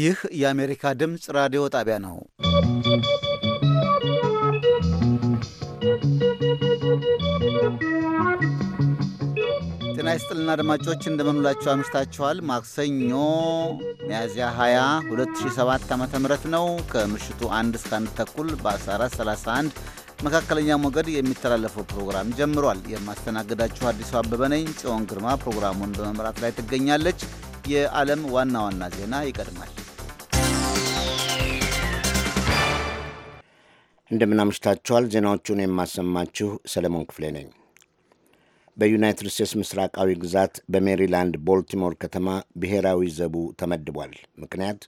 ይህ የአሜሪካ ድምፅ ራዲዮ ጣቢያ ነው። ጤና ይስጥልና አድማጮች እንደምንላችሁ አምሽታችኋል። ማክሰኞ ሚያዝያ 20 2007 ዓ ም ነው ከምሽቱ 1 እስከ 1 ተኩል በ1431 መካከለኛ ሞገድ የሚተላለፈው ፕሮግራም ጀምሯል። የማስተናግዳችሁ አዲሱ አበበ ነኝ። ጽዮን ግርማ ፕሮግራሙን በመምራት ላይ ትገኛለች። የዓለም ዋና ዋና ዜና ይቀድማል። እንደምናምሽታችኋል። ዜናዎቹን የማሰማችሁ ሰለሞን ክፍሌ ነኝ። በዩናይትድ ስቴትስ ምስራቃዊ ግዛት በሜሪላንድ ቦልቲሞር ከተማ ብሔራዊ ዘቡ ተመድቧል። ምክንያት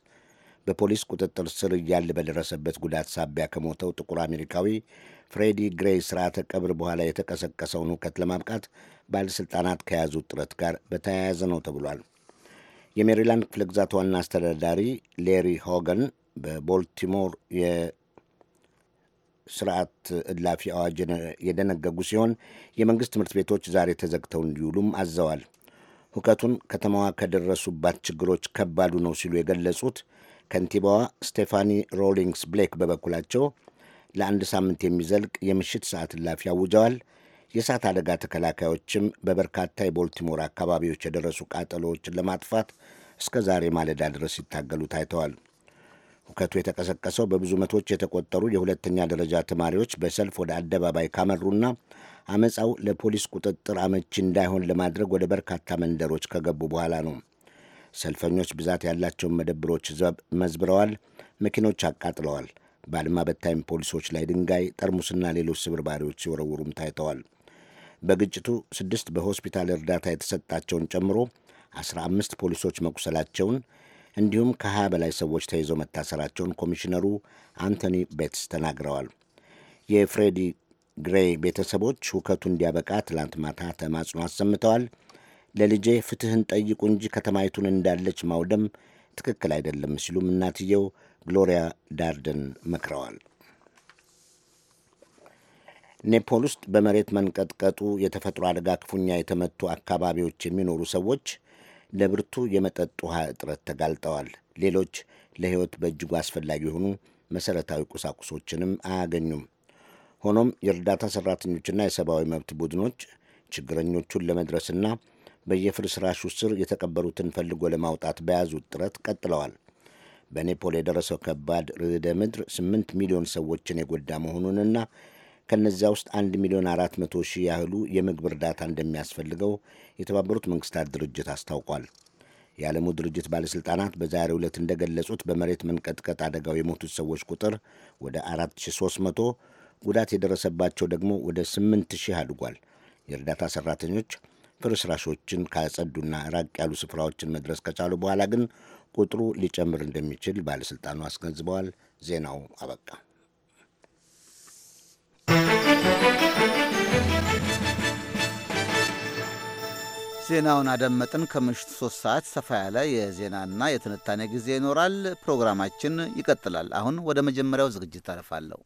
በፖሊስ ቁጥጥር ስር እያለ በደረሰበት ጉዳት ሳቢያ ከሞተው ጥቁር አሜሪካዊ ፍሬዲ ግሬይ ስርዓተ ቀብር በኋላ የተቀሰቀሰውን ሁከት ለማብቃት ባለሥልጣናት ከያዙት ጥረት ጋር በተያያዘ ነው ተብሏል። የሜሪላንድ ክፍለ ግዛት ዋና አስተዳዳሪ ሌሪ ሆገን በቦልቲሞር የስርዓት እላፊ አዋጅ የደነገጉ ሲሆን የመንግሥት ትምህርት ቤቶች ዛሬ ተዘግተው እንዲውሉም አዘዋል። ሁከቱን ከተማዋ ከደረሱባት ችግሮች ከባዱ ነው ሲሉ የገለጹት ከንቲባዋ ስቴፋኒ ሮሊንግስ ብሌክ በበኩላቸው ለአንድ ሳምንት የሚዘልቅ የምሽት ሰዓት እላፊ አውጀዋል። የእሳት አደጋ ተከላካዮችም በበርካታ የቦልቲሞር አካባቢዎች የደረሱ ቃጠሎዎችን ለማጥፋት እስከ ዛሬ ማለዳ ድረስ ሲታገሉ ታይተዋል። ሁከቱ የተቀሰቀሰው በብዙ መቶዎች የተቆጠሩ የሁለተኛ ደረጃ ተማሪዎች በሰልፍ ወደ አደባባይ ካመሩና አመፃው ለፖሊስ ቁጥጥር አመቺ እንዳይሆን ለማድረግ ወደ በርካታ መንደሮች ከገቡ በኋላ ነው። ሰልፈኞች ብዛት ያላቸውን መደብሮች መዝብረዋል፣ መኪኖች አቃጥለዋል። በአድማ በታኝ ፖሊሶች ላይ ድንጋይ፣ ጠርሙስና ሌሎች ስብርባሪዎች ሲወረውሩም ታይተዋል። በግጭቱ ስድስት በሆስፒታል እርዳታ የተሰጣቸውን ጨምሮ አስራ አምስት ፖሊሶች መቁሰላቸውን እንዲሁም ከ በላይ ሰዎች ተይዘው መታሰራቸውን ኮሚሽነሩ አንቶኒ ቤትስ ተናግረዋል። የፍሬዲ ግሬይ ቤተሰቦች ሁከቱ እንዲያበቃ ትላንት ማታ ተማጽኖ አሰምተዋል። ለልጄ ፍትህን ጠይቁ እንጂ ከተማይቱን እንዳለች ማውደም ትክክል አይደለም ሲሉም እናትየው ግሎሪያ ዳርደን መክረዋል። ኔፖል ውስጥ በመሬት መንቀጥቀጡ የተፈጥሮ አደጋ ክፉኛ የተመቱ አካባቢዎች የሚኖሩ ሰዎች ለብርቱ የመጠጥ ውሃ እጥረት ተጋልጠዋል። ሌሎች ለሕይወት በእጅጉ አስፈላጊ የሆኑ መሠረታዊ ቁሳቁሶችንም አያገኙም። ሆኖም የእርዳታ ሠራተኞችና የሰብአዊ መብት ቡድኖች ችግረኞቹን ለመድረስና በየፍርስራሹ ስር የተቀበሩትን ፈልጎ ለማውጣት በያዙት ጥረት ቀጥለዋል። በኔፖል የደረሰው ከባድ ርዕደ ምድር 8 ሚሊዮን ሰዎችን የጎዳ መሆኑንና ከነዚያ ውስጥ 1 ሚሊዮን 400 ሺህ ያህሉ የምግብ እርዳታ እንደሚያስፈልገው የተባበሩት መንግስታት ድርጅት አስታውቋል። የዓለሙ ድርጅት ባለሥልጣናት በዛሬ ዕለት እንደገለጹት በመሬት መንቀጥቀጥ አደጋው የሞቱት ሰዎች ቁጥር ወደ 4300፣ ጉዳት የደረሰባቸው ደግሞ ወደ 8000 አድጓል። የእርዳታ ሠራተኞች ፍርስራሾችን ካጸዱና ራቅ ያሉ ስፍራዎችን መድረስ ከቻሉ በኋላ ግን ቁጥሩ ሊጨምር እንደሚችል ባለሥልጣኑ አስገንዝበዋል። ዜናው አበቃ። ዜናውን አደመጥን። ከምሽቱ ሶስት ሰዓት ሰፋ ያለ የዜናና የትንታኔ ጊዜ ይኖራል። ፕሮግራማችን ይቀጥላል። አሁን ወደ መጀመሪያው ዝግጅት አለፋለሁ።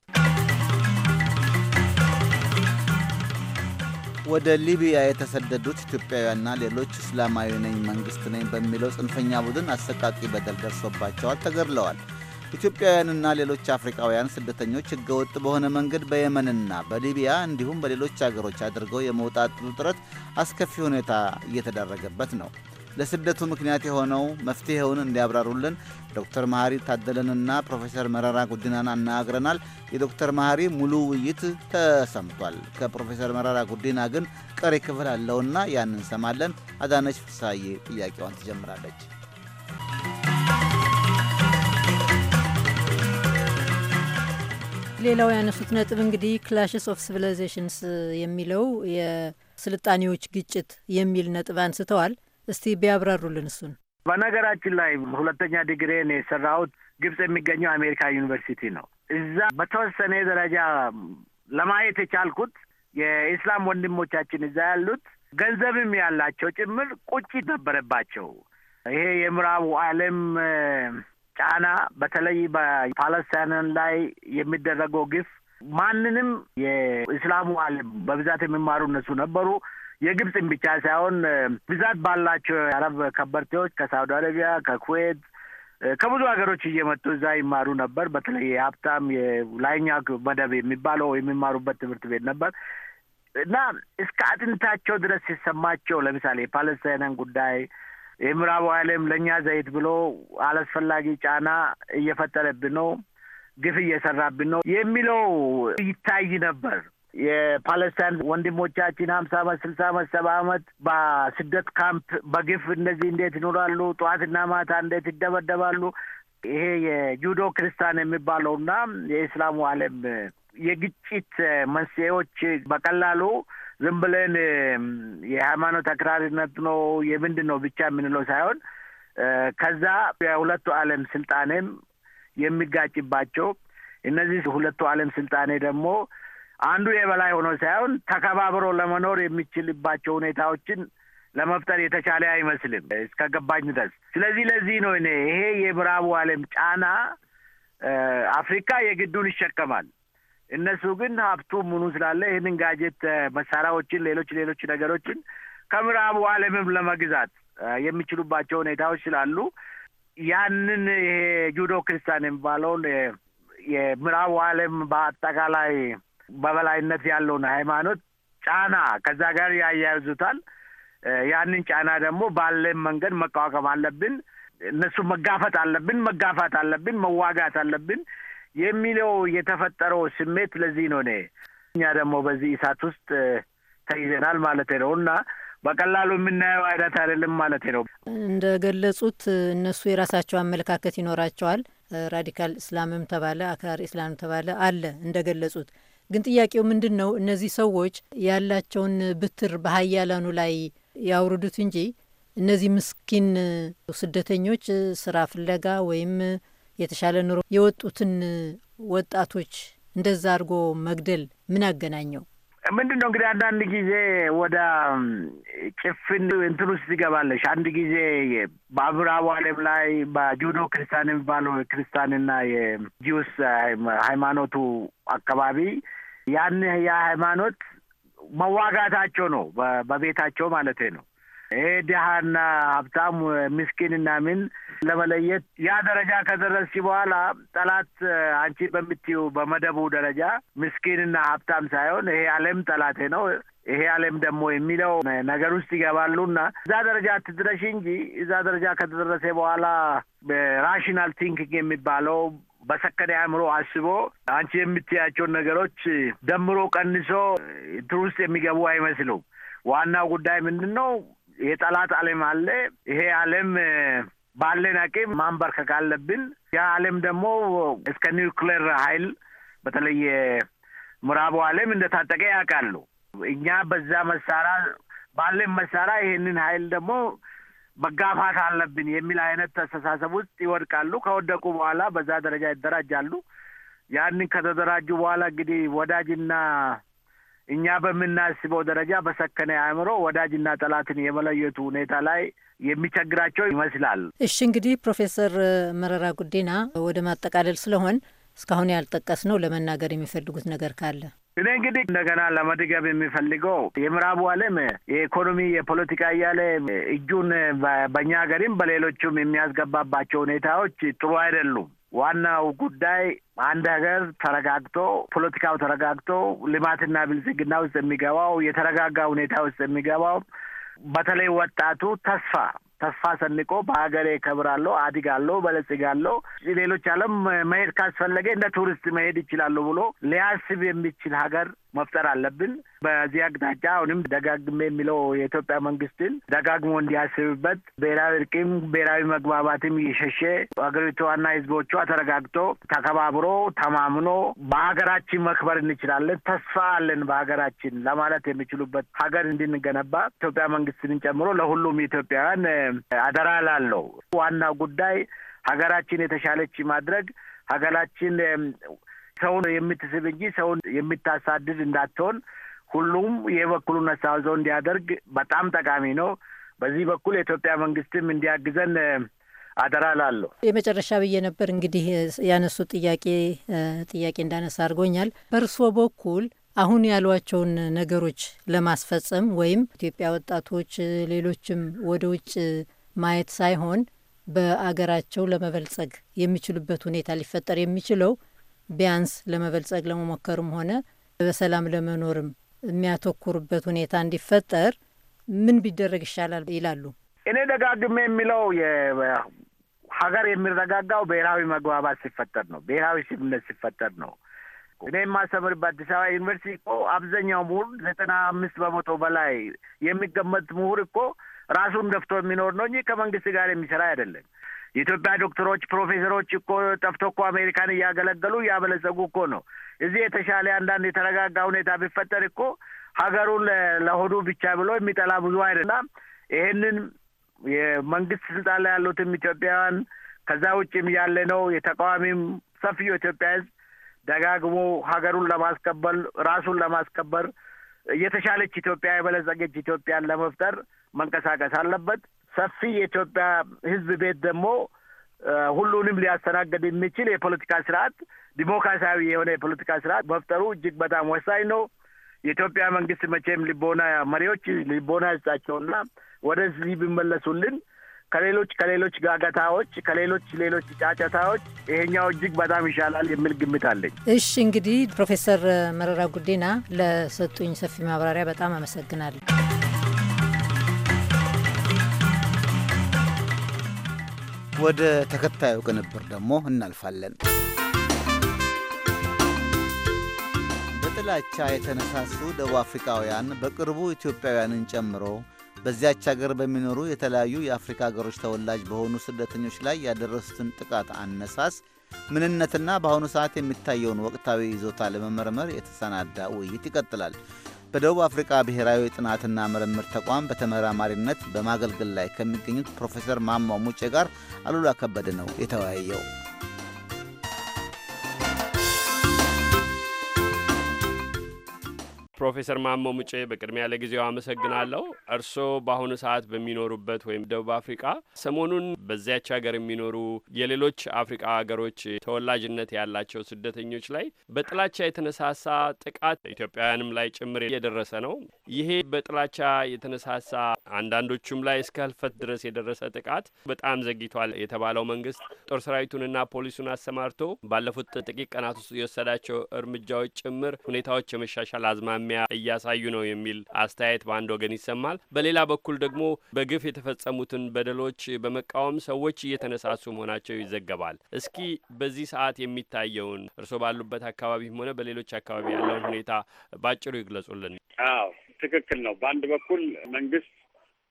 ወደ ሊቢያ የተሰደዱት ኢትዮጵያውያንና ሌሎች እስላማዊ ነኝ መንግስት ነኝ በሚለው ጽንፈኛ ቡድን አሰቃቂ በደል ደርሶባቸዋል፣ ተገድለዋል። ኢትዮጵያውያንና ሌሎች አፍሪካውያን ስደተኞች ህገወጥ በሆነ መንገድ በየመንና በሊቢያ እንዲሁም በሌሎች አገሮች አድርገው የመውጣት ጥረት አስከፊ ሁኔታ እየተደረገበት ነው። ለስደቱ ምክንያት የሆነው መፍትሄውን እንዲያብራሩልን ዶክተር መሐሪ ታደለንና ፕሮፌሰር መረራ ጉዲናን አነጋግረናል። የዶክተር መሐሪ ሙሉ ውይይት ተሰምቷል። ከፕሮፌሰር መረራ ጉዲና ግን ቀሪ ክፍል አለውና ያን እንሰማለን። አዳነች ፍሳዬ ጥያቄዋን ትጀምራለች። ሌላው ያነሱት ነጥብ እንግዲህ ክላሽስ ኦፍ ሲቪላይዜሽንስ የሚለው የስልጣኔዎች ግጭት የሚል ነጥብ አንስተዋል። እስቲ ቢያብራሩልን እሱን። በነገራችን ላይ ሁለተኛ ዲግሪን የሰራሁት ግብጽ የሚገኘው አሜሪካ ዩኒቨርሲቲ ነው። እዛ በተወሰነ ደረጃ ለማየት የቻልኩት የኢስላም ወንድሞቻችን እዛ ያሉት ገንዘብም ያላቸው ጭምር ቁጭት ነበረባቸው። ይሄ የምዕራቡ ዓለም ጫና በተለይ በፓለስታይን ላይ የሚደረገው ግፍ ማንንም የኢስላሙ ዓለም በብዛት የሚማሩ እነሱ ነበሩ የግብፅን ብቻ ሳይሆን ብዛት ባላቸው የአረብ ከበርቴዎች ከሳውዲ አረቢያ፣ ከኩዌት ከብዙ ሀገሮች እየመጡ እዛ ይማሩ ነበር። በተለይ የሀብታም የላይኛ መደብ የሚባለው የሚማሩበት ትምህርት ቤት ነበር እና እስከ አጥንታቸው ድረስ ሲሰማቸው ለምሳሌ የፓለስታይንን ጉዳይ የምዕራቡ ዓለም ለእኛ ዘይት ብሎ አላስፈላጊ ጫና እየፈጠረብን ነው፣ ግፍ እየሰራብን ነው የሚለው ይታይ ነበር። የፓለስታይን ወንድሞቻችን ሀምሳ አመት ስልሳ አመት ሰባ ዓመት በስደት ካምፕ በግፍ እነዚህ እንዴት ይኖራሉ? ጠዋትና ማታ እንዴት ይደበደባሉ? ይሄ የጁዶ ክርስቲያን የሚባለውና የእስላሙ ዓለም የግጭት መንስኤዎች በቀላሉ ዝም ብለን የሃይማኖት አክራሪነት ነው የምንድን ነው ብቻ የምንለው ሳይሆን ከዛ የሁለቱ ዓለም ስልጣኔም የሚጋጭባቸው እነዚህ ሁለቱ ዓለም ስልጣኔ ደግሞ አንዱ የበላይ ሆኖ ሳይሆን ተከባብሮ ለመኖር የሚችልባቸው ሁኔታዎችን ለመፍጠር የተቻለ አይመስልም እስከገባኝ ድረስ። ስለዚህ ለዚህ ነው እኔ ይሄ የምዕራቡ ዓለም ጫና አፍሪካ የግዱን ይሸከማል። እነሱ ግን ሀብቱ ምኑ ስላለ ይህንን ጋጀት መሳሪያዎችን፣ ሌሎች ሌሎች ነገሮችን ከምዕራቡ ዓለምም ለመግዛት የሚችሉባቸው ሁኔታዎች ስላሉ ያንን ይሄ ጁዶ ክርስቲያን የሚባለውን የምዕራቡ ዓለም በአጠቃላይ በበላይነት ያለውን ሃይማኖት ጫና ከዛ ጋር ያያይዙታል። ያንን ጫና ደግሞ ባለን መንገድ መቋቋም አለብን። እነሱ መጋፈጥ አለብን፣ መጋፋት አለብን፣ መዋጋት አለብን የሚለው የተፈጠረው ስሜት ለዚህ ነው። እኔ እኛ ደግሞ በዚህ እሳት ውስጥ ተይዘናል ማለት ነው እና በቀላሉ የምናየው አይነት አይደለም ማለት ነው። እንደ ገለጹት እነሱ የራሳቸው አመለካከት ይኖራቸዋል። ራዲካል እስላምም ተባለ አክራሪ እስላም ተባለ አለ እንደ ገለጹት ግን ጥያቄው ምንድን ነው? እነዚህ ሰዎች ያላቸውን ብትር በሀያላኑ ላይ ያውርዱት እንጂ እነዚህ ምስኪን ስደተኞች ስራ ፍለጋ ወይም የተሻለ ኑሮ የወጡትን ወጣቶች እንደዛ አድርጎ መግደል ምን አገናኘው? ምንድን ነው እንግዲህ አንዳንድ ጊዜ ወደ ጭፍን እንትን ውስጥ ትገባለሽ። አንድ ጊዜ በምዕራቡ ዓለም ላይ በጁዶ ክርስቲያን የሚባለው ክርስቲያንና የጂውስ ሃይማኖቱ አካባቢ ያን የሃይማኖት መዋጋታቸው ነው። በቤታቸው ማለት ነው። ይሄ ድሃና ሀብታም ምስኪንና ምን ለመለየት ያ ደረጃ ከደረስ በኋላ ጠላት አንቺ በምትዩ በመደቡ ደረጃ ምስኪንና ሀብታም ሳይሆን ይሄ ዓለም ጠላቴ ነው ይሄ ዓለም ደግሞ የሚለው ነገር ውስጥ ይገባሉና እዛ ደረጃ ትድረሽ እንጂ እዛ ደረጃ ከተደረሰ በኋላ ራሽናል ቲንኪንግ የሚባለው በሰከነ አእምሮ አስቦ አንቺ የምትያቸውን ነገሮች ደምሮ ቀንሶ እንትን ውስጥ የሚገቡ አይመስሉም። ዋናው ጉዳይ ምንድን ነው? የጠላት ዓለም አለ። ይሄ ዓለም ባለን አቅም ማንበርከክ አለብን። ያ ዓለም ደግሞ እስከ ኒውክሌር ኃይል በተለየ ምዕራቡ ዓለም እንደታጠቀ ያውቃሉ። እኛ በዛ መሳሪያ ባለን መሳሪያ ይሄንን ኃይል ደግሞ መጋፋት አለብን የሚል አይነት አስተሳሰብ ውስጥ ይወድቃሉ። ከወደቁ በኋላ በዛ ደረጃ ይደራጃሉ። ያንን ከተደራጁ በኋላ እንግዲህ ወዳጅና እኛ በምናስበው ደረጃ በሰከነ አእምሮ ወዳጅና ጠላትን የመለየቱ ሁኔታ ላይ የሚቸግራቸው ይመስላል። እሺ እንግዲህ ፕሮፌሰር መረራ ጉዲና ወደ ማጠቃለል ስለሆን እስካሁን ያልጠቀስ ነው ለመናገር የሚፈልጉት ነገር ካለ እኔ እንግዲህ እንደገና ለመድገብ የሚፈልገው የምዕራቡ ዓለም የኢኮኖሚ የፖለቲካ እያለ እጁን በእኛ ሀገርም በሌሎቹም የሚያስገባባቸው ሁኔታዎች ጥሩ አይደሉም። ዋናው ጉዳይ አንድ ሀገር ተረጋግቶ ፖለቲካው ተረጋግቶ ልማትና ብልጽግና ውስጥ የሚገባው የተረጋጋ ሁኔታ ውስጥ የሚገባው በተለይ ወጣቱ ተስፋ ተስፋ ሰንቆ በሀገሬ ከብራለሁ፣ አድጋለሁ፣ በለጽጋለሁ፣ ሌሎች ዓለም መሄድ ካስፈለገ እንደ ቱሪስት መሄድ ይችላሉ ብሎ ሊያስብ የሚችል ሀገር መፍጠር አለብን። በዚህ አቅጣጫ አሁንም ደጋግሜ የሚለው የኢትዮጵያ መንግስትን ደጋግሞ እንዲያስብበት ብሔራዊ እርቅም ብሔራዊ መግባባትም እየሸሸ አገሪቷና ህዝቦቿ ተረጋግቶ ተከባብሮ ተማምኖ በሀገራችን መክበር እንችላለን፣ ተስፋ አለን በሀገራችን ለማለት የሚችሉበት ሀገር እንድንገነባ ኢትዮጵያ መንግስትን ጨምሮ ለሁሉም ኢትዮጵያውያን አደራ ላለው ዋና ጉዳይ ሀገራችን የተሻለች ማድረግ ሀገራችን ሰውን የምትስብ እንጂ ሰውን የምታሳድድ እንዳትሆን ሁሉም የበኩሉን አስተዋጽኦ እንዲያደርግ በጣም ጠቃሚ ነው። በዚህ በኩል የኢትዮጵያ መንግስትም እንዲያግዘን አደራ ላለሁ። የመጨረሻ ብዬ ነበር እንግዲህ ያነሱ ጥያቄ ጥያቄ እንዳነሳ አድርጎኛል። በእርስዎ በኩል አሁን ያሏቸውን ነገሮች ለማስፈጸም ወይም ኢትዮጵያ ወጣቶች፣ ሌሎችም ወደ ውጭ ማየት ሳይሆን በአገራቸው ለመበልጸግ የሚችሉበት ሁኔታ ሊፈጠር የሚችለው ቢያንስ ለመበልጸግ ለመሞከርም ሆነ በሰላም ለመኖርም የሚያተኩሩበት ሁኔታ እንዲፈጠር ምን ቢደረግ ይሻላል ይላሉ? እኔ ደጋግሜ የሚለው ሀገር የሚረጋጋው ብሔራዊ መግባባት ሲፈጠር ነው፣ ብሔራዊ ስምምነት ሲፈጠር ነው። እኔ የማስተምርበት አዲስ አበባ ዩኒቨርሲቲ እኮ አብዛኛው ምሁር ዘጠና አምስት በመቶ በላይ የሚገመት ምሁር እኮ ራሱን ደፍቶ የሚኖር ነው እንጂ ከመንግስት ጋር የሚሰራ አይደለም። የኢትዮጵያ ዶክተሮች፣ ፕሮፌሰሮች እኮ ጠፍቶ እኮ አሜሪካን እያገለገሉ እያበለጸጉ እኮ ነው። እዚህ የተሻለ አንዳንድ የተረጋጋ ሁኔታ ቢፈጠር እኮ ሀገሩን ለሆዱ ብቻ ብሎ የሚጠላ ብዙ አይደለም። ይሄንን የመንግስት ስልጣን ላይ ያሉትም ኢትዮጵያውያን ከዛ ውጭም ያለ ነው የተቃዋሚም ሰፊው የኢትዮጵያ ህዝብ ደጋግሞ ሀገሩን ለማስከበር ራሱን ለማስከበር የተሻለች ኢትዮጵያ የበለጸገች ኢትዮጵያን ለመፍጠር መንቀሳቀስ አለበት። ሰፊ የኢትዮጵያ ሕዝብ ቤት ደግሞ ሁሉንም ሊያስተናግድ የሚችል የፖለቲካ ስርዓት ዲሞክራሲያዊ የሆነ የፖለቲካ ስርዓት መፍጠሩ እጅግ በጣም ወሳኝ ነው። የኢትዮጵያ መንግስት መቼም ልቦና መሪዎች ልቦና ይስጣቸውና ወደዚህ ቢመለሱልን ከሌሎች ከሌሎች ጋገታዎች ከሌሎች ሌሎች ጫጨታዎች ይሄኛው እጅግ በጣም ይሻላል የሚል ግምት አለኝ። እሺ እንግዲህ ፕሮፌሰር መረራ ጉዲና ለሰጡኝ ሰፊ ማብራሪያ በጣም አመሰግናለሁ። ወደ ተከታዩ ቅንብር ደግሞ እናልፋለን። በጥላቻ የተነሳሱ ደቡብ አፍሪካውያን በቅርቡ ኢትዮጵያውያንን ጨምሮ በዚያች ሀገር በሚኖሩ የተለያዩ የአፍሪካ ሀገሮች ተወላጅ በሆኑ ስደተኞች ላይ ያደረሱትን ጥቃት አነሳስ ምንነትና በአሁኑ ሰዓት የሚታየውን ወቅታዊ ይዞታ ለመመርመር የተሰናዳ ውይይት ይቀጥላል። በደቡብ አፍሪካ ብሔራዊ ጥናትና ምርምር ተቋም በተመራማሪነት በማገልገል ላይ ከሚገኙት ፕሮፌሰር ማሞ ሙጬ ጋር አሉላ ከበደ ነው የተወያየው። ፕሮፌሰር ማሞ ሙጬ በቅድሚያ ለጊዜው አመሰግናለሁ። እርስዎ በአሁኑ ሰዓት በሚኖሩበት ወይም ደቡብ አፍሪቃ ሰሞኑን በዚያች ሀገር የሚኖሩ የሌሎች አፍሪቃ ሀገሮች ተወላጅነት ያላቸው ስደተኞች ላይ በጥላቻ የተነሳሳ ጥቃት ኢትዮጵያውያንም ላይ ጭምር የደረሰ ነው። ይሄ በጥላቻ የተነሳሳ አንዳንዶቹም ላይ እስከ ህልፈት ድረስ የደረሰ ጥቃት በጣም ዘግይቷል የተባለው መንግስት ጦር ሰራዊቱንና ፖሊሱን አሰማርቶ ባለፉት ጥቂት ቀናት ውስጥ የወሰዳቸው እርምጃዎች ጭምር ሁኔታዎች የመሻሻል አዝማሚ አዝማሚያ እያሳዩ ነው የሚል አስተያየት በአንድ ወገን ይሰማል። በሌላ በኩል ደግሞ በግፍ የተፈጸሙትን በደሎች በመቃወም ሰዎች እየተነሳሱ መሆናቸው ይዘገባል። እስኪ በዚህ ሰዓት የሚታየውን እርስዎ ባሉበት አካባቢም ሆነ በሌሎች አካባቢ ያለውን ሁኔታ ባጭሩ ይግለጹልን። አዎ ትክክል ነው። በአንድ በኩል መንግስት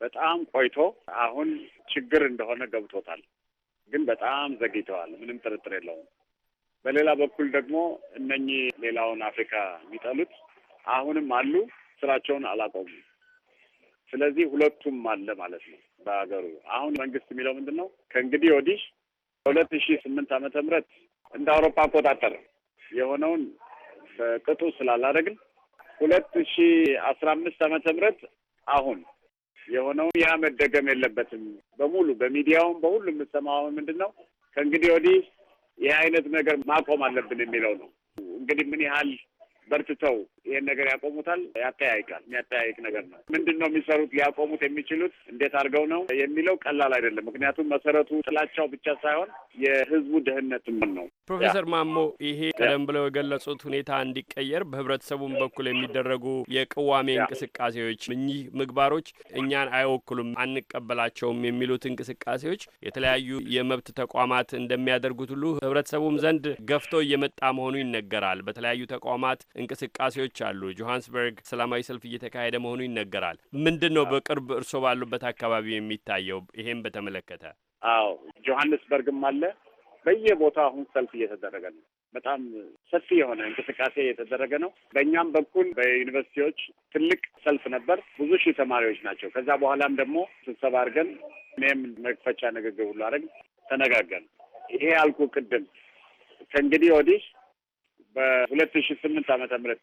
በጣም ቆይቶ አሁን ችግር እንደሆነ ገብቶታል፣ ግን በጣም ዘግይተዋል። ምንም ጥርጥር የለውም። በሌላ በኩል ደግሞ እነኚህ ሌላውን አፍሪካ የሚጠሉት አሁንም አሉ። ስራቸውን አላቆሙም። ስለዚህ ሁለቱም አለ ማለት ነው በሀገሩ። አሁን መንግስት የሚለው ምንድን ነው? ከእንግዲህ ወዲህ ሁለት ሺ ስምንት ዓመተ ምህረት እንደ አውሮፓ አቆጣጠር የሆነውን በቅጡ ስላላደረግን ሁለት ሺ አስራ አምስት ዓመተ ምህረት አሁን የሆነውን ያ መደገም የለበትም በሙሉ በሚዲያውም በሁሉም የምትሰማው ምንድን ነው? ከእንግዲህ ወዲህ ይህ አይነት ነገር ማቆም አለብን የሚለው ነው። እንግዲህ ምን ያህል በርትተው ይሄን ነገር ያቆሙታል። ያተያይቃል። የሚያተያይቅ ነገር ነው። ምንድን ነው የሚሰሩት? ሊያቆሙት የሚችሉት እንዴት አድርገው ነው የሚለው ቀላል አይደለም። ምክንያቱም መሰረቱ ጥላቻው ብቻ ሳይሆን የህዝቡ ምን ነው። ፕሮፌሰር ማሞ ይሄ ቀደም ብለው የገለጹት ሁኔታ እንዲቀየር በህብረተሰቡም በኩል የሚደረጉ የቅዋሜ እንቅስቃሴዎች፣ እኚህ ምግባሮች እኛን አይወክሉም፣ አንቀበላቸውም የሚሉት እንቅስቃሴዎች የተለያዩ የመብት ተቋማት እንደሚያደርጉት ሁሉ ህብረተሰቡም ዘንድ ገፍቶ እየመጣ መሆኑ ይነገራል። በተለያዩ ተቋማት እንቅስቃሴዎች አሉ። ጆሀንስበርግ ሰላማዊ ሰልፍ እየተካሄደ መሆኑ ይነገራል። ምንድን ነው በቅርብ እርስዎ ባሉበት አካባቢ የሚታየው ይሄም በተመለከተ? አዎ ጆሀንስበርግም አለ። በየቦታው አሁን ሰልፍ እየተደረገ ነው። በጣም ሰፊ የሆነ እንቅስቃሴ የተደረገ ነው። በእኛም በኩል በዩኒቨርሲቲዎች ትልቅ ሰልፍ ነበር። ብዙ ሺህ ተማሪዎች ናቸው። ከዛ በኋላም ደግሞ ስብሰባ አድርገን እኔም መክፈቻ ንግግር ሁሉ አድረግ ተነጋገን። ይሄ ያልኩ ቅድም ከእንግዲህ ወዲህ በሁለት ሺ ስምንት ዓመተ ምህረት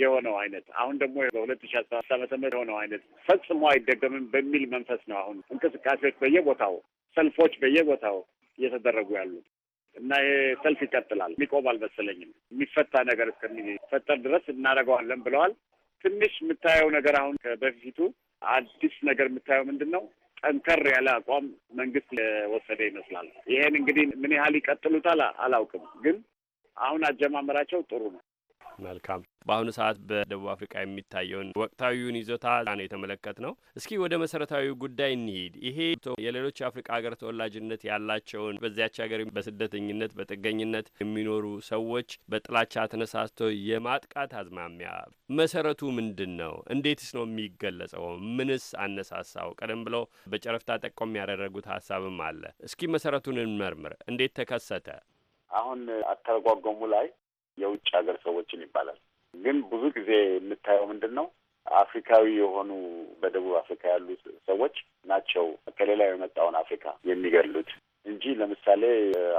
የሆነው አይነት አሁን ደግሞ በሁለት ሺ አስራ አምስት ዓመተ ምህረት የሆነው አይነት ፈጽሞ አይደገምም በሚል መንፈስ ነው አሁን እንቅስቃሴዎች በየቦታው ሰልፎች በየቦታው እየተደረጉ ያሉት እና ይሄ ሰልፍ ይቀጥላል። የሚቆም አልመሰለኝም። የሚፈታ ነገር እስከሚፈጠር ድረስ እናደርገዋለን ብለዋል። ትንሽ የምታየው ነገር አሁን በፊቱ አዲስ ነገር የምታየው ምንድን ነው? ጠንከር ያለ አቋም መንግስት የወሰደ ይመስላል። ይሄን እንግዲህ ምን ያህል ይቀጥሉታል አላውቅም፣ ግን አሁን አጀማመራቸው ጥሩ ነው። መልካም። በአሁኑ ሰዓት በደቡብ አፍሪካ የሚታየውን ወቅታዊውን ይዞታ ነው የተመለከት ነው። እስኪ ወደ መሰረታዊ ጉዳይ እንሂድ። ይሄ የሌሎች የአፍሪካ ሀገር ተወላጅነት ያላቸውን በዚያች ሀገር በስደተኝነት በጥገኝነት የሚኖሩ ሰዎች በጥላቻ ተነሳስቶ የማጥቃት አዝማሚያ መሰረቱ ምንድን ነው? እንዴትስ ነው የሚገለጸው? ምንስ አነሳሳው? ቀደም ብለው በጨረፍታ ጠቆም ያደረጉት ሀሳብም አለ። እስኪ መሰረቱን እንመርምር። እንዴት ተከሰተ? አሁን አተረጓጎሙ ላይ የውጭ ሀገር ሰዎችን ይባላል። ግን ብዙ ጊዜ የምታየው ምንድን ነው አፍሪካዊ የሆኑ በደቡብ አፍሪካ ያሉ ሰዎች ናቸው ከሌላው የመጣውን አፍሪካ የሚገሉት እንጂ ለምሳሌ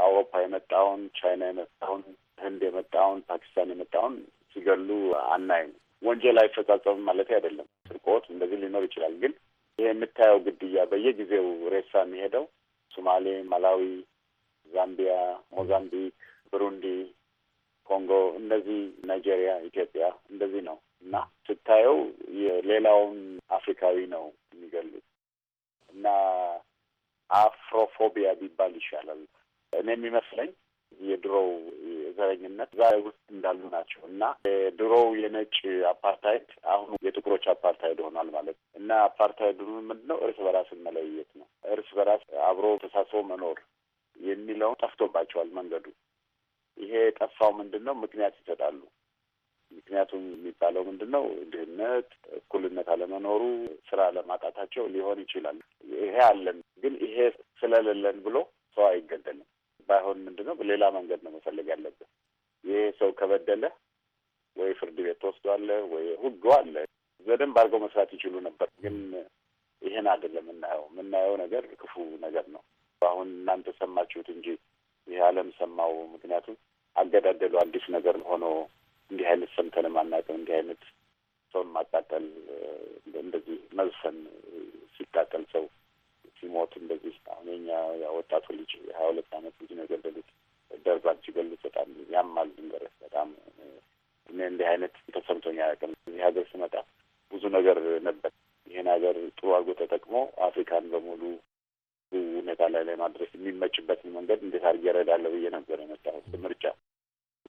አውሮፓ የመጣውን፣ ቻይና የመጣውን፣ ህንድ የመጣውን፣ ፓኪስታን የመጣውን ሲገሉ አናይም። ወንጀል አይፈጻጸምም ማለት አይደለም። ስርቆት እንደዚህ ሊኖር ይችላል። ግን ይህ የምታየው ግድያ በየጊዜው ሬሳ የሚሄደው ሶማሌ፣ ማላዊ፣ ዛምቢያ፣ ሞዛምቢክ፣ ብሩንዲ፣ ኮንጎ እነዚህ ናይጄሪያ፣ ኢትዮጵያ እንደዚህ ነው እና ስታየው የሌላውን አፍሪካዊ ነው የሚገሉት እና አፍሮፎቢያ ቢባል ይሻላል። እኔ የሚመስለኝ የድሮው ዘረኝነት እዛ ውስጥ እንዳሉ ናቸው እና የድሮው የነጭ አፓርታይድ አሁኑ የጥቁሮች አፓርታይድ ሆኗል ማለት ነው እና አፓርታይድ ምንድን ነው? እርስ በራስን መለየት ነው። እርስ በራስ አብሮ ተሳስቦ መኖር የሚለው ጠፍቶባቸዋል መንገዱ። ይሄ የጠፋው ምንድን ነው? ምክንያት ይሰጣሉ። ምክንያቱም የሚባለው ምንድን ነው? ድህነት፣ እኩልነት አለመኖሩ፣ ስራ አለማጣታቸው ሊሆን ይችላል። ይሄ አለን ግን ይሄ ስለሌለን ብሎ ሰው አይገደልም። ባይሆን ምንድን ነው? ሌላ መንገድ ነው መፈለግ ያለብን። ይሄ ሰው ከበደለ ወይ ፍርድ ቤት ተወስዷል ወይ ህጉ አለ። በደንብ አድርገው መስራት ይችሉ ነበር። ግን ይህን አይደለም የምናየው። የምናየው ነገር ክፉ ነገር ነው። አሁን እናንተ ሰማችሁት እንጂ ይህ ዓለም ሰማው። ምክንያቱም አገዳደሉ አዲስ ነገር ሆኖ እንዲህ አይነት ሰምተን አናውቅም። እንዲህ አይነት ሰውን ማቃጠል እንደዚህ መዝፈን ሲቃጠል ሰው ሲሞት እንደዚህ አሁን የኛ ወጣቱ ልጅ ሀያ ሁለት አመት ልጅ ነው የገደሉት። ደርባን ሲገሉት በጣም ያማል። ድንገረስ በጣም እኔ እንዲህ አይነት ተሰምቶኝ አያውቅም። እዚህ ሀገር ስመጣ ብዙ ነገር ነበር። ይህን ሀገር ጥሩ አድርጎ ተጠቅሞ አፍሪካን በሙሉ ሁኔታ ላይ ላይ ማድረስ የሚመችበትን መንገድ እንዴት አድርጌ እረዳለሁ ብዬ ነበር የመጣሁት ምርጫ።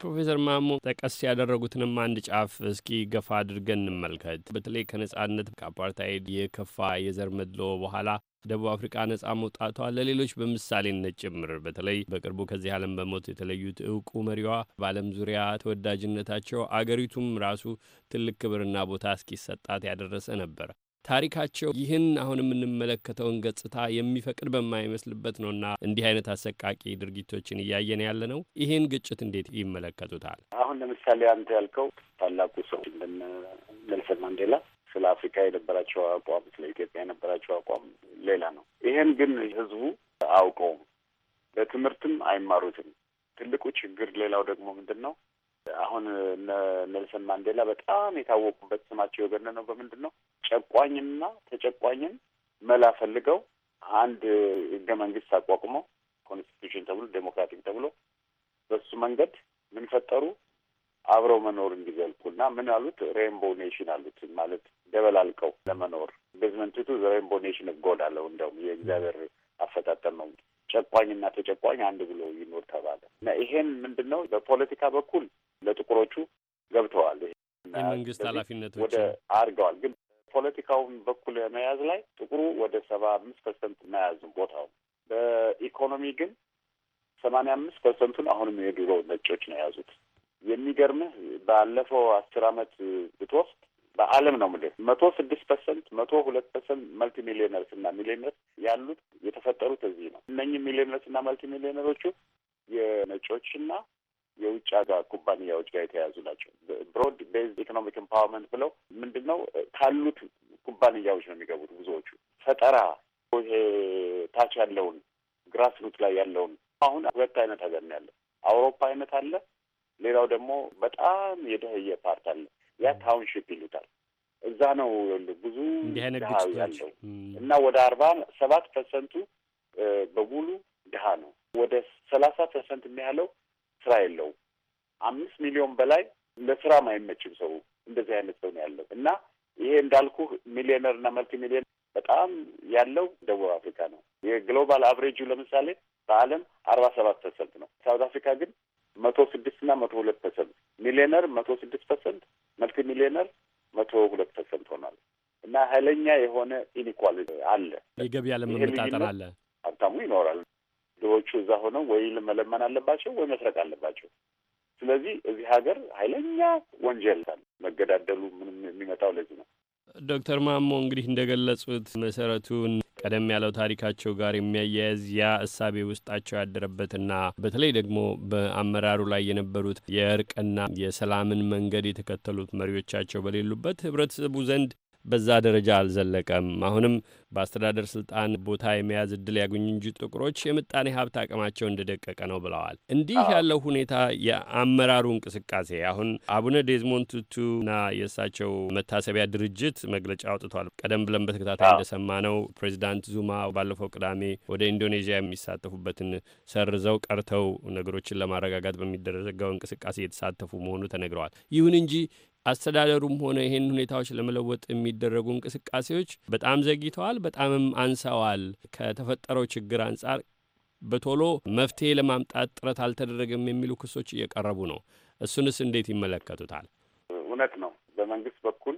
ፕሮፌሰር ማሞ ጠቀስ ያደረጉትንም አንድ ጫፍ እስኪ ገፋ አድርገን እንመልከት። በተለይ ከነጻነት ከአፓርታይድ የከፋ የዘር መድሎ በኋላ ደቡብ አፍሪካ ነጻ መውጣቷ ለሌሎች በምሳሌነት ጭምር በተለይ በቅርቡ ከዚህ ዓለም በሞት የተለዩት እውቁ መሪዋ በዓለም ዙሪያ ተወዳጅነታቸው አገሪቱም ራሱ ትልቅ ክብርና ቦታ እስኪሰጣት ያደረሰ ነበር። ታሪካቸው ይህን አሁን የምንመለከተውን ገጽታ የሚፈቅድ በማይመስልበት ነውና እንዲህ አይነት አሰቃቂ ድርጊቶችን እያየን ያለ ነው። ይህን ግጭት እንዴት ይመለከቱታል? አሁን ለምሳሌ አንተ ያልከው ታላቁ ሰው ኔልሰን ማንዴላ ስለ አፍሪካ የነበራቸው አቋም፣ ስለ ኢትዮጵያ የነበራቸው አቋም ሌላ ነው። ይሄን ግን ህዝቡ አያውቀውም፣ በትምህርትም አይማሩትም። ትልቁ ችግር ሌላው ደግሞ ምንድን ነው? አሁን እነ ኔልሰን ማንዴላ በጣም የታወቁበት ስማቸው የገነ ነው። በምንድን ነው? ጨቋኝና ተጨቋኝን መላ ፈልገው አንድ ህገ መንግስት አቋቁሞ ኮንስቲቱሽን ተብሎ ዴሞክራቲክ ተብሎ በሱ መንገድ ምን ፈጠሩ? አብረው መኖር እንዲዘልቁ እና ምን አሉት? ሬንቦ ኔሽን አሉት። ማለት ደበላልቀው ለመኖር ቤዝመንቲቱ ሬንቦ ኔሽን ጎድ አለው። እንደውም የእግዚአብሔር አፈጣጠር ነው። ጨቋኝና ተጨቋኝ አንድ ብሎ ይኖር ተባለ እና ይሄን ምንድን ነው በፖለቲካ በኩል ለጥቁሮቹ ገብተዋል። የመንግስት ኃላፊነቶች አድርገዋል። ግን ፖለቲካውን በኩል መያዝ ላይ ጥቁሩ ወደ ሰባ አምስት ፐርሰንት መያዙ ቦታው በኢኮኖሚ ግን ሰማንያ አምስት ፐርሰንቱን አሁንም የድሮ ነጮች ነው የያዙት። የሚገርምህ ባለፈው አስር አመት ብትወስድ በዓለም ነው ምልህ መቶ ስድስት ፐርሰንት መቶ ሁለት ፐርሰንት መልቲ ሚሊዮነርስ እና ሚሊዮነርስ ያሉት የተፈጠሩት እዚህ ነው። እነኚህ ሚሊዮነርስ እና መልቲ ሚሊዮነሮቹ የነጮችና የውጭ ሀገር ኩባንያዎች ጋር የተያያዙ ናቸው። ብሮድ ቤዝ ኢኮኖሚክ ኤምፓወርመንት ብለው ምንድን ነው ካሉት ኩባንያዎች ነው የሚገቡት ብዙዎቹ። ፈጠራ ይሄ ታች ያለውን ግራስሩት ላይ ያለውን አሁን ሁለት አይነት ሀገር ነው ያለው። አውሮፓ አይነት አለ፣ ሌላው ደግሞ በጣም የደህየ ፓርት አለ። ያ ታውንሺፕ ይሉታል። እዛ ነው ብዙ ድሀ ያለው እና ወደ አርባ ሰባት ፐርሰንቱ በሙሉ ድሀ ነው። ወደ ሰላሳ ፐርሰንት የሚያለው ስራ የለውም። አምስት ሚሊዮን በላይ ለስራም አይመችም ሰው እንደዚህ አይነት ሰው ነው ያለው እና ይሄ እንዳልኩ ሚሊዮነር እና መልቲ ሚሊዮን በጣም ያለው ደቡብ አፍሪካ ነው። የግሎባል አቨሬጁ ለምሳሌ በዓለም አርባ ሰባት ፐርሰንት ነው። ሳውት አፍሪካ ግን መቶ ስድስት እና መቶ ሁለት ፐርሰንት ሚሊዮነር መቶ ስድስት ፐርሰንት መልቲ ሚሊዮነር መቶ ሁለት ፐርሰንት ሆኗል። እና ኃይለኛ የሆነ ኢኒኳሊቲ አለ። የገቢ ያለመመጣጠር አለ። ሀብታሙ ይኖራል፣ ድሆቹ እዛ ሆነው ወይ መለመን አለባቸው ወይ መስረቅ አለባቸው። ስለዚህ እዚህ ሀገር ኃይለኛ ወንጀል አለ። መገዳደሉ ምንም የሚመጣው ለዚህ ነው። ዶክተር ማሞ እንግዲህ እንደገለጹት መሰረቱን ቀደም ያለው ታሪካቸው ጋር የሚያያዝ ያ እሳቤ ውስጣቸው ያደረበትና በተለይ ደግሞ በአመራሩ ላይ የነበሩት የእርቅና የሰላምን መንገድ የተከተሉት መሪዎቻቸው በሌሉበት ህብረተሰቡ ዘንድ በዛ ደረጃ አልዘለቀም። አሁንም በአስተዳደር ስልጣን ቦታ የመያዝ እድል ያገኙ እንጂ ጥቁሮች የምጣኔ ሀብት አቅማቸው እንደደቀቀ ነው ብለዋል። እንዲህ ያለው ሁኔታ የአመራሩ እንቅስቃሴ አሁን አቡነ ዴዝሞንድ ቱቱና የእሳቸው መታሰቢያ ድርጅት መግለጫ አውጥቷል። ቀደም ብለን በተከታታይ ነው ፕሬዚዳንት ዙማ ባለፈው ቅዳሜ ወደ ኢንዶኔዥያ የሚሳተፉበትን ሰርዘው ቀርተው ነገሮችን ለማረጋጋት በሚደረገው እንቅስቃሴ የተሳተፉ መሆኑ ተነግረዋል። ይሁን እንጂ አስተዳደሩም ሆነ ይህን ሁኔታዎች ለመለወጥ የሚደረጉ እንቅስቃሴዎች በጣም ዘግይተዋል፣ በጣምም አንሰዋል። ከተፈጠረው ችግር አንጻር በቶሎ መፍትሄ ለማምጣት ጥረት አልተደረገም የሚሉ ክሶች እየቀረቡ ነው። እሱንስ እንዴት ይመለከቱታል? እውነት ነው። በመንግስት በኩል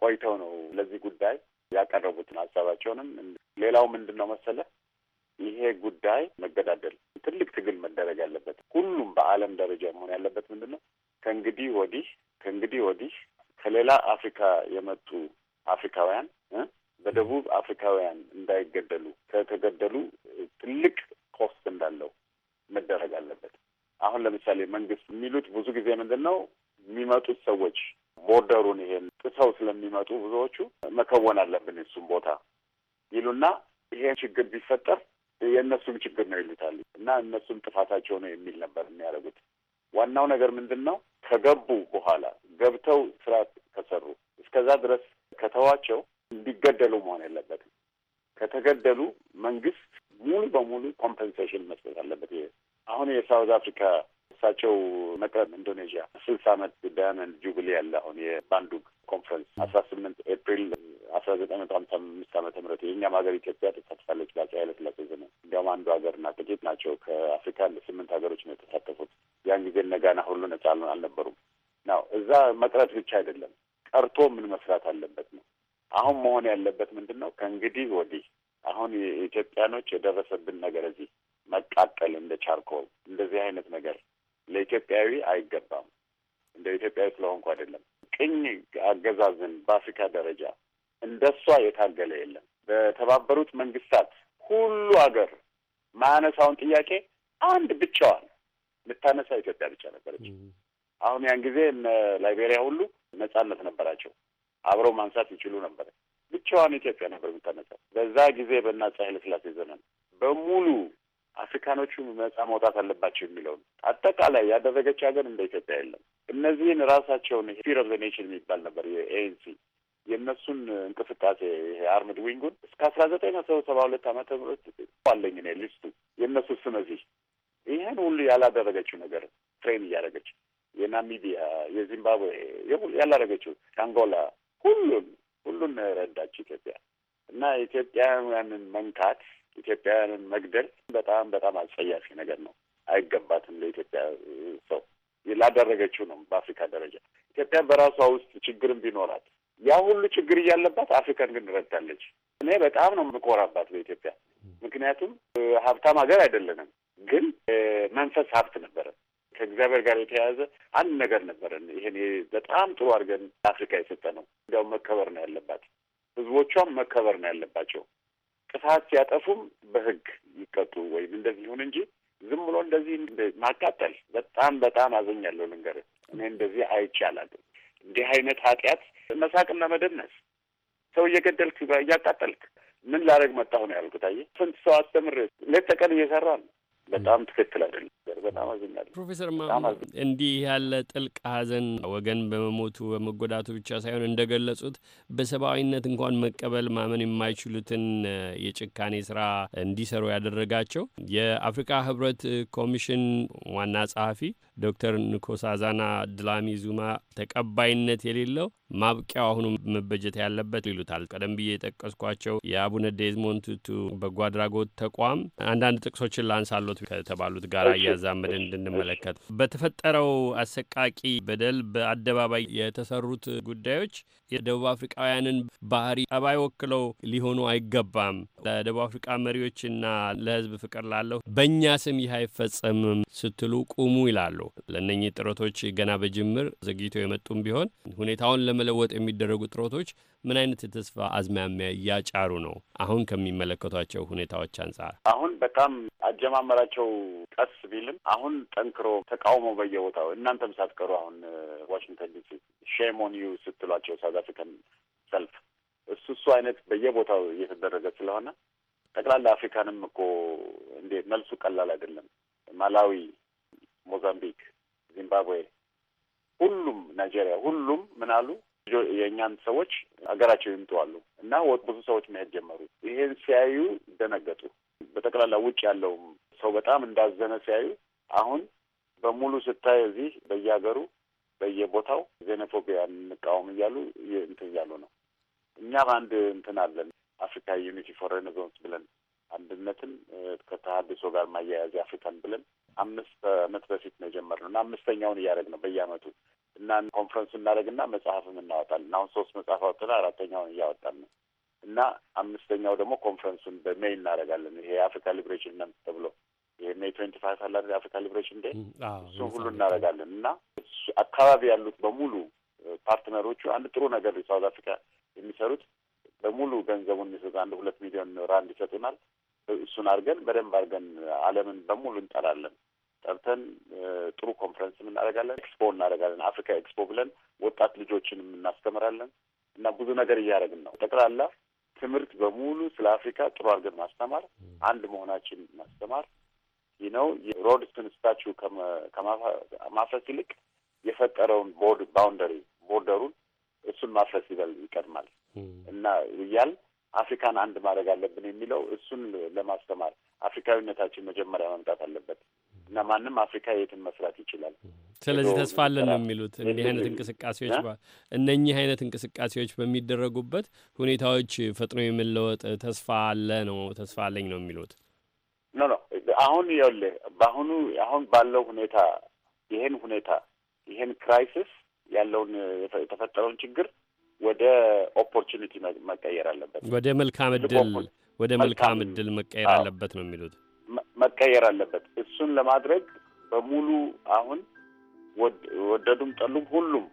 ቆይተው ነው ለዚህ ጉዳይ ያቀረቡትን ሀሳባቸውንም። ሌላው ምንድን ነው መሰለ ይሄ ጉዳይ መገዳደል ትልቅ ትግል መደረግ ያለበት ሁሉም በዓለም ደረጃ መሆን ያለበት ምንድን ነው ከእንግዲህ ወዲህ ከእንግዲህ ወዲህ ከሌላ አፍሪካ የመጡ አፍሪካውያን በደቡብ አፍሪካውያን እንዳይገደሉ ከተገደሉ ትልቅ ኮስት እንዳለው መደረግ አለበት። አሁን ለምሳሌ መንግስት የሚሉት ብዙ ጊዜ ምንድን ነው የሚመጡት ሰዎች ቦርደሩን ይሄን ጥሰው ስለሚመጡ ብዙዎቹ መከወን አለብን እሱም ቦታ ይሉና ይሄን ችግር ቢፈጠር የእነሱም ችግር ነው ይሉታል እና እነሱም ጥፋታቸው ነው የሚል ነበር የሚያደርጉት። ዋናው ነገር ምንድን ነው ከገቡ በኋላ ገብተው ስርዓት ከሰሩ እስከዛ ድረስ ከተዋቸው እንዲገደሉ መሆን የለበትም። ከተገደሉ መንግስት ሙሉ በሙሉ ኮምፐንሴሽን መስጠት አለበት። አሁን የሳውዝ አፍሪካ እሳቸው መቅረብ ኢንዶኔዥያ ስልሳ ዓመት ዳያመንድ ጁብሊ ያለ አሁን የባንዱግ ኮንፈረንስ አስራ ስምንት ኤፕሪል አስራ ዘጠኝ መቶ ሀምሳ አምስት ዓመተ ምህረት የእኛም ሀገር ኢትዮጵያ ተሳትፋለች። በአፄ ኃይለሥላሴ ዘመን እንዲያውም አንዱ ሀገር እና ጥቂት ናቸው። ከአፍሪካ ስምንት ሀገሮች ነው መቅረት ብቻ አይደለም፣ ቀርቶ ምን መስራት አለበት ነው። አሁን መሆን ያለበት ምንድን ነው? ከእንግዲህ ወዲህ አሁን የኢትዮጵያኖች የደረሰብን ነገር እዚህ መቃጠል እንደ ቻርኮል እንደዚህ አይነት ነገር ለኢትዮጵያዊ አይገባም። እንደ ኢትዮጵያዊ ስለሆንኩ አይደለም። ቅኝ አገዛዝን በአፍሪካ ደረጃ እንደሷ የታገለ የለም። በተባበሩት መንግስታት ሁሉ ሀገር ማያነሳውን ጥያቄ አንድ ብቻዋን የምታነሳ ኢትዮጵያ አሁን ያን ጊዜ እነ ላይቤሪያ ሁሉ ነጻነት ነበራቸው። አብረው ማንሳት ይችሉ ነበር። ብቻዋን ኢትዮጵያ ነበር የምታነሳው በዛ ጊዜ በአፄ ኃይለ ሥላሴ ዘመን በሙሉ አፍሪካኖቹ ነጻ መውጣት አለባቸው የሚለውን አጠቃላይ ያደረገች ሀገር እንደ ኢትዮጵያ የለም። እነዚህን ራሳቸውን ፊር ኦፍ ዘ ኔሽን የሚባል ነበር የኤኤንሲ የእነሱን እንቅስቃሴ ይሄ አርምድ ዊንጉን እስከ አስራ ዘጠኝ መቶ ሰባ ሁለት ዓመተ ምህረት አለኝ እኔ ሊስቱ የእነሱ ስም እዚህ ይህን ሁሉ ያላደረገችው ነገር ትሬን እያደረገች የናሚቢያ፣ የዚምባብዌ ያላረገችው አንጎላ፣ ሁሉን ሁሉን ረዳች ኢትዮጵያ እና ኢትዮጵያውያንን መንካት ኢትዮጵያውያንን መግደል በጣም በጣም አጸያፊ ነገር ነው። አይገባትም ለኢትዮጵያ ሰው ላደረገችው ነው። በአፍሪካ ደረጃ ኢትዮጵያ በራሷ ውስጥ ችግርም ቢኖራት ያ ሁሉ ችግር እያለባት አፍሪካን ግን ረድታለች። እኔ በጣም ነው የምኮራባት በኢትዮጵያ። ምክንያቱም ሀብታም ሀገር አይደለንም፣ ግን መንፈስ ሀብት ነበረ። ከእግዚአብሔር ጋር የተያያዘ አንድ ነገር ነበረን። ይሄን በጣም ጥሩ አድርገን አፍሪካ የሰጠ ነው። እንዲያውም መከበር ነው ያለባት፣ ህዝቦቿም መከበር ነው ያለባቸው። ጥፋት ሲያጠፉም በህግ ይቀጡ ወይም እንደዚህ ይሁን እንጂ ዝም ብሎ እንደዚህ ማቃጠል በጣም በጣም አዘኛለሁ። ልንገር እኔ እንደዚህ አይቻላለሁ። እንዲህ አይነት ኃጢአት መሳቅና መደነስ፣ ሰው እየገደልክ እያቃጠልክ ምን ላደርግ መጣሁ ነው ያልኩት። አየህ ስንት ሰው አስተምር ሌት ተቀን እየሰራ ነው በጣም ትክክል አይደለም። በጣም አዝኛለሁ ፕሮፌሰር ማ እንዲህ ያለ ጥልቅ ሀዘን ወገን በመሞቱ በመጎዳቱ ብቻ ሳይሆን እንደ ገለጹት በሰብአዊነት እንኳን መቀበል ማመን የማይችሉትን የጭካኔ ስራ እንዲሰሩ ያደረጋቸው የአፍሪካ ህብረት ኮሚሽን ዋና ጸሐፊ ዶክተር ንኮሳዛና ድላሚ ዙማ ተቀባይነት የሌለው ማብቂያው አሁኑ መበጀት ያለበት ይሉታል። ቀደም ብዬ የጠቀስኳቸው የአቡነ ዴዝሞንድ ቱቱ በጎ አድራጎት ተቋም አንዳንድ ጥቅሶችን ላንሳሎት ችሎት ከተባሉት ጋር እያዛመድን እንድንመለከት በተፈጠረው አሰቃቂ በደል በአደባባይ የተሰሩት ጉዳዮች የደቡብ አፍሪቃውያንን ባህሪ ጠባይ ወክለው ሊሆኑ አይገባም። ለደቡብ አፍሪቃ መሪዎችና ለህዝብ ፍቅር ላለሁ በእኛ ስም ይህ አይፈጸምም ስትሉ ቁሙ ይላሉ። ለእነኚህ ጥረቶች ገና በጅምር ዘግይቶ የመጡም ቢሆን ሁኔታውን ለመለወጥ የሚደረጉ ጥረቶች ምን አይነት የተስፋ አዝማሚያ እያጫሩ ነው? አሁን ከሚመለከቷቸው ሁኔታዎች አንጻር አሁን በጣም አጀማመራቸው ቀስ ቢልም አሁን ጠንክሮ ተቃውሞ በየቦታው እናንተም ሳትቀሩ አሁን ዋሽንግተን ዲሲ ሼም ኦን ዩ ስትሏቸው ሳውዝ አፍሪካን ሰልፍ እሱ እሱ አይነት በየቦታው እየተደረገ ስለሆነ ጠቅላላ አፍሪካንም እኮ እንዴ መልሱ ቀላል አይደለም። ማላዊ፣ ሞዛምቢክ፣ ዚምባብዌ ሁሉም ናይጄሪያ ሁሉም ምን አሉ የእኛን ሰዎች ሀገራቸው ይምጠዋሉ እና ብዙ ሰዎች መሄድ ጀመሩ። ይሄን ሲያዩ ደነገጡ። በጠቅላላ ውጭ ያለው ሰው በጣም እንዳዘነ ሲያዩ አሁን በሙሉ ስታይ እዚህ በየሀገሩ በየቦታው ዜኖፎቢያ እንቃወም እያሉ እንትን እያሉ ነው። እኛም አንድ እንትን አለን አፍሪካ ዩኒቲ ፎር ሬኔሳንስ ብለን አንድነትን ከተሀድሶ ጋር ማያያዝ አፍሪካን ብለን አምስት ዓመት በፊት ነው የጀመርነው እና አምስተኛውን እያደረግ ነው በየዓመቱ እና ኮንፈረንሱ እናደርግና መጽሐፍም እናወጣለን። አሁን ሶስት መጽሐፍ አውጥተናል። አራተኛውን እያወጣን ነው እና አምስተኛው ደግሞ ኮንፈረንሱን በሜይ እናደርጋለን። ይሄ የአፍሪካ ሊብሬሽን ነው ተብሎ ይሄ ሜይ ትዌንቲ ፋይቭ አላ የአፍሪካ ሊብሬሽን ዴይ እሱን ሁሉ እናደርጋለን እና አካባቢ ያሉት በሙሉ ፓርትነሮቹ አንድ ጥሩ ነገር ሳውዝ አፍሪካ የሚሰሩት በሙሉ ገንዘቡን የሚሰጡ አንድ ሁለት ሚሊዮን ራንድ ይሰጡናል። እሱን አድርገን በደንብ አድርገን ዓለምን በሙሉ እንጠራለን። ጠርተን ጥሩ ኮንፈረንስም እናደርጋለን፣ ኤክስፖ እናደርጋለን። አፍሪካ ኤክስፖ ብለን ወጣት ልጆችንም እናስተምራለን እና ብዙ ነገር እያደረግን ነው። ጠቅላላ ትምህርት በሙሉ ስለ አፍሪካ ጥሩ አድርገን ማስተማር፣ አንድ መሆናችን ማስተማር ይህ ነው። የሮድስን ስታችሁ ከማፍረስ ይልቅ የፈጠረውን ቦርድ ባውንደሪ ቦርደሩን እሱን ማፍረስ ይበል ይቀድማል እና እያል አፍሪካን አንድ ማድረግ አለብን የሚለው እሱን ለማስተማር አፍሪካዊነታችን መጀመሪያ መምጣት አለበት እና ማንም አፍሪካ የትን መስራት ይችላል። ስለዚህ ተስፋ አለን ነው የሚሉት። እንዲህ አይነት እንቅስቃሴዎች እነኚህ አይነት እንቅስቃሴዎች በሚደረጉበት ሁኔታዎች ፈጥኖ የመለወጥ ተስፋ አለ ነው ተስፋ አለኝ ነው የሚሉት። ኖ ኖ አሁን ይኸውልህ በአሁኑ አሁን ባለው ሁኔታ ይሄን ሁኔታ ይሄን ክራይሲስ ያለውን የተፈጠረውን ችግር ወደ ኦፖርቹኒቲ መቀየር አለበት። ወደ መልካም እድል ወደ መልካም እድል መቀየር አለበት ነው የሚሉት። መቀየር አለበት። እሱን ለማድረግ በሙሉ አሁን ወደዱም ጠሉም ሁሉም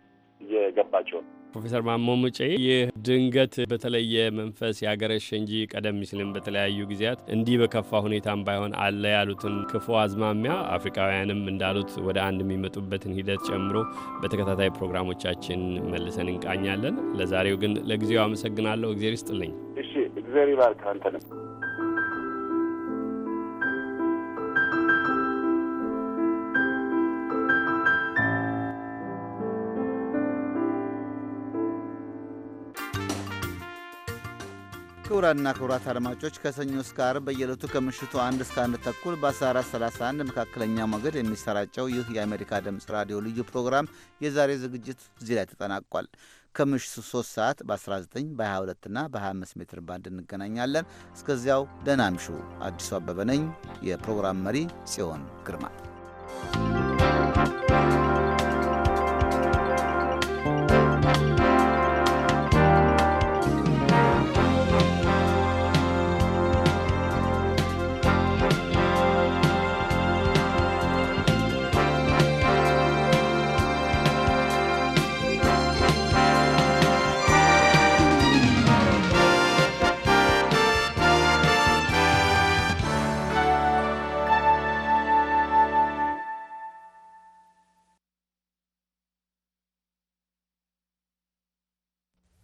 እየገባቸው ነው። ፕሮፌሰር ማሞ ሙጬ ይህ ድንገት በተለየ መንፈስ ያገረሸ እንጂ ቀደም ሲልም በተለያዩ ጊዜያት እንዲህ በከፋ ሁኔታም ባይሆን አለ ያሉትን ክፉ አዝማሚያ አፍሪካውያንም እንዳሉት ወደ አንድ የሚመጡበትን ሂደት ጨምሮ በተከታታይ ፕሮግራሞቻችን መልሰን እንቃኛለን። ለዛሬው ግን ለጊዜው አመሰግናለሁ። እግዜር ይስጥልኝ። እሺ፣ እግዜር ይባርክ አንተንም። ክቡራና ክቡራት አድማጮች ከሰኞ እስከ አርብ በየዕለቱ ከምሽቱ አንድ እስከ አንድ ተኩል በ1431 መካከለኛ ሞገድ የሚሰራጨው ይህ የአሜሪካ ድምፅ ራዲዮ ልዩ ፕሮግራም የዛሬ ዝግጅት እዚህ ላይ ተጠናቋል። ከምሽቱ 3 ሰዓት በ19 በ22 እና በ25 ሜትር ባንድ እንገናኛለን። እስከዚያው ደህና ምሹ። አዲሱ አበበ ነኝ። የፕሮግራም መሪ ጽዮን ግርማ